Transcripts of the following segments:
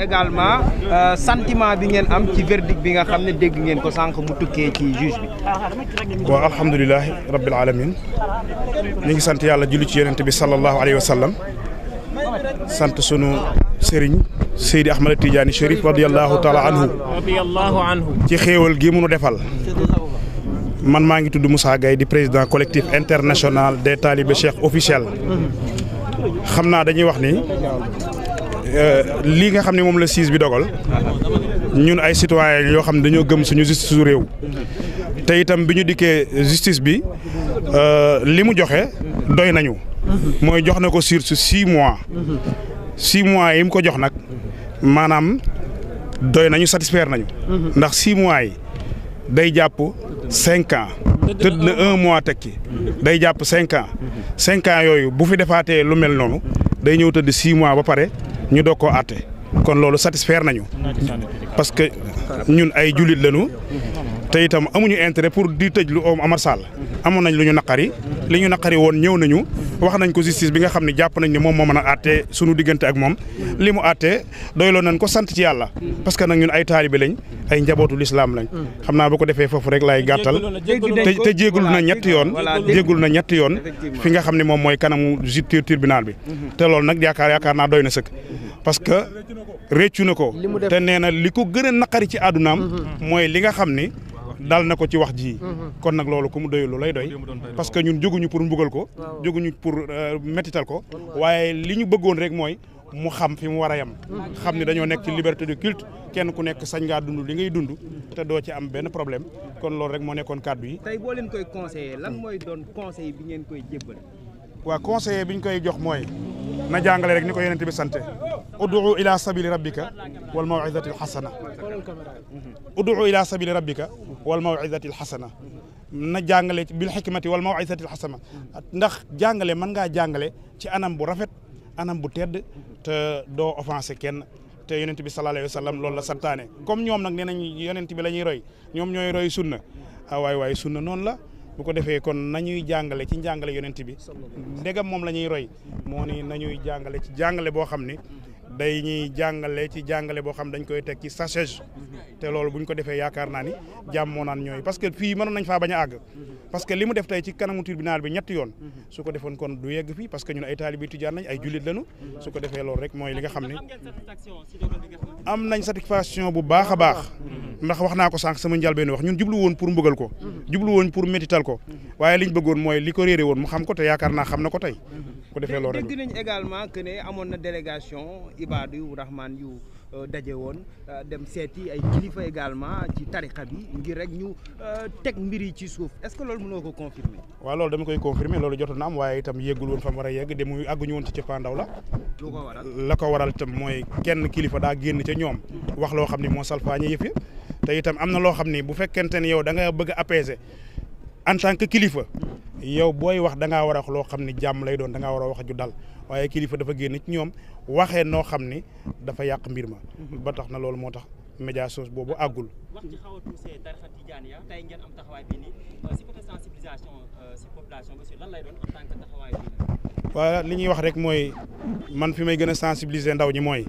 également euh, sentiment bi ngeen am ci verdict bi nga xam ne dégg ngeen ko sànq mu tukkee ci juge bi. waaw alhamdulilah rabbil alamin ñu ngi sant yàlla julli ci yonent bi sallallahu alayhi wa sant sunu sëriñ Seydi Ahmad Tidiane Chérif radiyallahu taala anhu ci xéewal gi mu defal. man maa ngi tudd Moussa Gaye di président collectif international des talibé cheikh officiel xam naa dañuy wax ni Euh, lii nga xam ne moom la siis bi dogal ñun ay citoyen yoo xam ne dañoo gëm suñu justice su réew te itam bi ñu dikkee justice bi euh, li mu joxe doy nañu. mooy jox na ko sur six mois. six mois yi ko jox nag maanaam doy nañu satisfaire nañu. ndax six mois yi day jàpp cinq ans. tëdd na un mois tekki day jàpp cinq ans. cinq ans yooyu bu fi defaatee lu mel noonu day ñëw tëdd six mois ba pare. ñu doog koo àtte kon loolu satisfaire nañu parce que ñun ay jullit lañu te itam amuñu intérêt pour di tëj lu Omar Sall amoon nañ lu ñu naqari li ñu naqari woon ñëw nañu wax nañ ko justice bi nga xam ne jàpp nañ ne moom moo mën a àttee sunu diggante ak moom li mu àttee doyloo nañ ko sant ci yàlla parce que nag ñun ay taalibe lañ ay njabootu lislaam lañ xam naa bu ko defee foofu rek laay gàttal te jéegul na ñetti yoon jéegul na ñetti fi nga xam ne moom mooy kanamu justice tribunal bi mhm. te loolu nag yaakaar yaakaar naa doy na sëkk mhm. parce que réccu na ko te nee na li ko gën naqari ci àddunaam mhm. mooy li nga xam ni dal na ko ci wax ji mhm. kon nag loolu ku mu doyul lay doy parce que ñun jóguñu pour mbugal ko jóguñu pour euh, métital ko waaye li ñu bëggoon rek mooy mu xam fi mu war a yem mhm. xam ne dañoo nekk ci liberté de culte kenn ku nekk sañ ngaa dund li ngay dund te doo ci am benn problème kon loolu rek moo nekkoon kàddu yi tey boo koy conseiller lan mooy doon conseil bi ngeen koy jébbal waaw conseiller bi ñu koy jox mooy na jàngale rek ni ko yonent bi sante ud'u ila sabili rabbika wal maw'izatil hasana ud'u ila sabili rabbika wal mawizati l xasana na jàngale bil xikmati wal mawizati l xasana ndax jàngale man ngaa jàngale ci anam bu rafet anam bu tedd te doo offensé kenn te yonent bi sallallahu alayhi wa sallam loolu la santaane comme ñoom nag nee nañ yonent bi la ñuy roy ñoom ñooy roy sunna ah waay waay sunna noonu la bu ko defee kon nañuy jàngale ci njàngale yonent bi ndegam moom la ñuy roy moo ni nañuy jàngale ci jàngale boo xam ne day ñuy jàngale ci jàngale boo xam dañ koy teg ci sachage te loolu bu ñu ko defee yaakaar naa ni jàmmoo naan ñooy parce que fii mënoon nañ faa bañ a àgg parce que li mu def tey ci kanamu tribunal bi ñetti yoon su ko defoon kon du yegg fii parce que defee loolu rek mooy li nga xam ne am nañ satisfaction bu baax a baax ndax wax naa ko sànq sama njëlbeen wax ñun jublu woon pour mbugal ko jublu woon pour métital ko waaye liñ bëggoon mooy li ko réere woon mu xam ko te yaakaar naa xam na ko tey ko defee loolu rek dégg nañ également ibaadu yu rahmaan euh, yu daje woon euh, dem seeti ay kilifa également ci tariqa bi ngir rek ñu euh, teg mbir yi ci suuf est-ce que loolu mënoo ko confirmer. waaw loolu dama koy confirmer loolu jotoon na am waaye itam yéggul woon fa mu war a de muy àgguñu woon ci cappaandaw la. lu ko waral la ko waral itam mooy kenn kilifa daa génn ca ñoom. wax loo xam ne moo salfaañe yëf te itam am na loo xam ne bu fekkente ne yow da nga bëgg en tant que kilifa yow booy wax da ngaa war a wax loo xam ne jàmm lay doon danga ngaa war a wax ju dal waaye kilifa dafa génn ci ñoom waxee noo xam ni dafa yàq mbir ma. ba tax na loolu moo tax médiation boobu àggul. wax ci euh, euh, li ñuy wax rek mooy man fi may gën a sensibiliser ndaw ñi mooy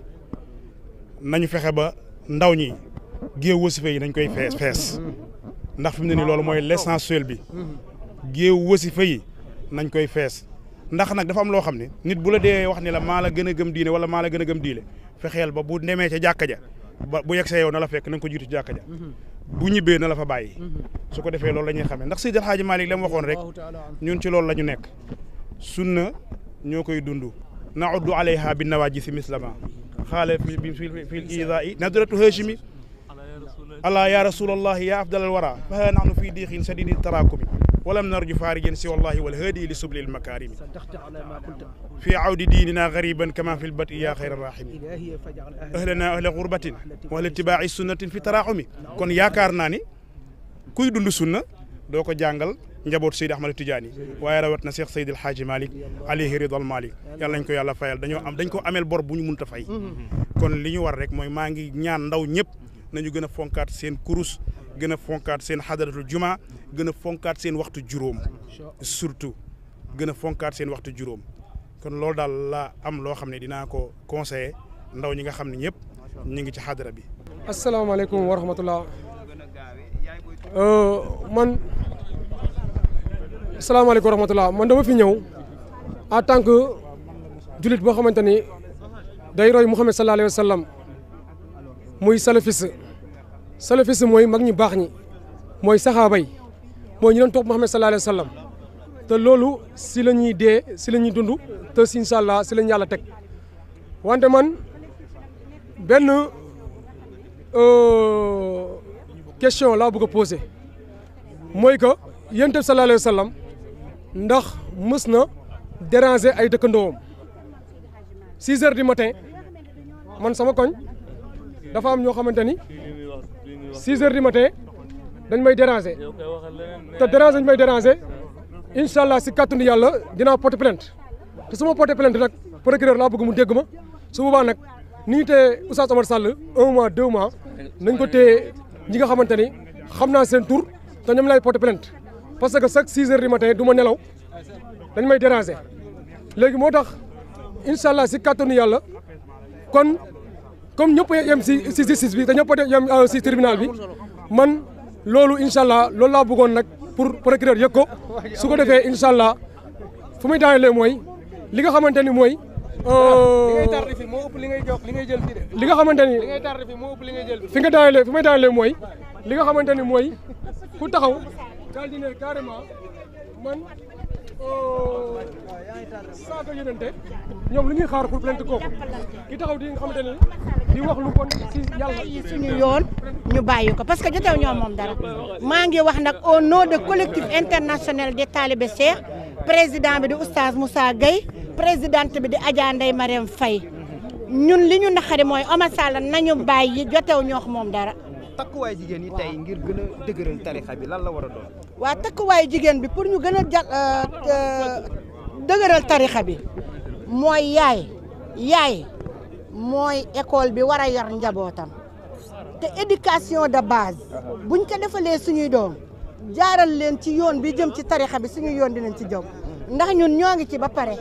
nañu fexe ba ndaw ñi géew wasifa yi nañ koy fees fees. ndax fi mu ne nii loolu mooy l'essentiel bi géew wasifa yi nañ koy fees ndax nag dafa am loo xam ne nit bu la dee wax ni la maa la gën a gëm diine wala maa la gën a gëm diine fexeel ba bu demee ca jàkka ja ba bu yegsee yow na la fekk na ko jiitu ci jàkka ja mm-hmm. bu ñibbee na la fa bàyyi mm-hmm. su ko defee loolu la ñuy xamee ndax Seydi El Hadji Malick la mu waxoon rek ñun ci loolu la ñu nekk sunna ñoo koy dund na uddu alayha bi nawaaji si mislama xaale fi fi fi idaa i alaa yaa rasulallahi yaa afdalal wara fahaa nahnu fii diixin sadidi taraakumi walam narju faarijan si wallahi wal haadi li sublil makaarimi fii awdi diinina gariban kama fi lbati yaa xayra rahimi ahlana ahla gurbatin wa ahla itibaaci sunnatin fi taraaxumi kon yaakaar naa ni kuy dund sunna doo ko jàngal njaboot Seydi Ahmad Tidiane waaye rawat na Cheikh Seydil Hadji Malick alayhi ridwal Malick yàlla nañ ko yàlla fayal dañoo am dañ ko ameel bor bu ñu mënta fay mm-hmm. kon li ñu war rek mooy maa ngi ñaan ndaw ñëpp nañu gën a fonkaat seen kurus gën a fonkaat seen xadaratul juma gën a fonkaat seen waxtu juróom surtout gën a fonkaat seen waxtu juróom kon loolu daal la am loo xam ne dinaa ko conseiller ndaw ñi nga xam ne ñëpp ñu ngi ci xadara bi. asalaamaaleykum wa rahmatullah euh, man asalaamaaleykum fi ñëw en tant que jullit boo xamante ni day roy Muhammad sallallahu alayhi muy salafiste salafiste mooy mag ñu baax ñi mooy saxaaba yi mooy ñu doon topp Muhammad sallallahu alayhi wa sallam te loolu si la ñuy dee si la ñuy dund te si incha allah si la ñu yàlla teg wante man benn euh, question laa bëgg a mooy que yonent bi sallallahu sallam ndax mës na déranger ay dëkkandoowam 6 heures matin man sama koñ dafa am ñoo xamante ni. 6 heures du matin dañ may déranger te déranger ñu may déranger incha allah si kàttanu yàlla dinaa porter plainte te su ma porter plainte nag procureur laa bëgg mu dégg ma su boobaa nag ni te téye Oustaz Omar Sall un mois deux mois nañ ko téye ñi nga xamante ni xam naa seen tour te ñoom laay porter plainte parce que chaque 6 heures du matin du ma nelaw dañ may déranger léegi moo tax incha allah si kàttanu yàlla kon. comme ñëpp yem si si justice bi te ñëpp yem euh, si tribunal bi man loolu incha allah loolu laa bëggoon nag pour procureur yëg ko su ko defee incha allah fu muy daanelee mooy li nga xamante ni mooy. Euh, li ngay moo li ngay jox li ngay jël li nga xamante ni li moo ëpp li ngay jël fi nga daanelee fi may mooy li nga xamante ni mooy ku taxaw daal di ne saa ko yénante ñoom li ñuy xaar pour plainte kooku ki taxaw di nga xamante ne di wax lu bon si yàlla yoon ñu bàyyi ko parce que jotew ñoom moom dara maa ngi wax nag au nom de collectif international des talibé cheikh président bi di oustaz Moussa Gueye présidente bi di Adja ma Mariam Faye ñun li ñu naqari mooy Omar Sall nañu bàyyi jotew ñoox moom dara takkuwaay jigéen yi tey ngir gën a dëgëral tarixa bi lan la war a doon. waaw takkuwaay jigéen bi pour ñu gën a ja euh, euh, dëgëral tarixa bi mooy yaay yaay mooy école bi war a yar njabootam te éducation de base buñ ko defalee suñuy doom jaaral leen ci yoon bi jëm ci tarixa bi suñu yoon dinañ ci jëm ndax ñun ñoo ngi ci ba pare.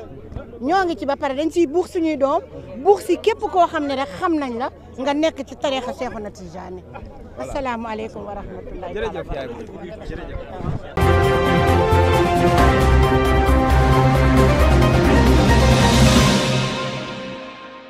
ñoo ngi ci ba pare dañ siy buux suñuy doom buux si képp koo xam ne rek xam nañ la nga nekk ci tariixa Seexuna Tijaani asalaamaaleykum wa rahmatullahi jërëjëf yaay jërëjëf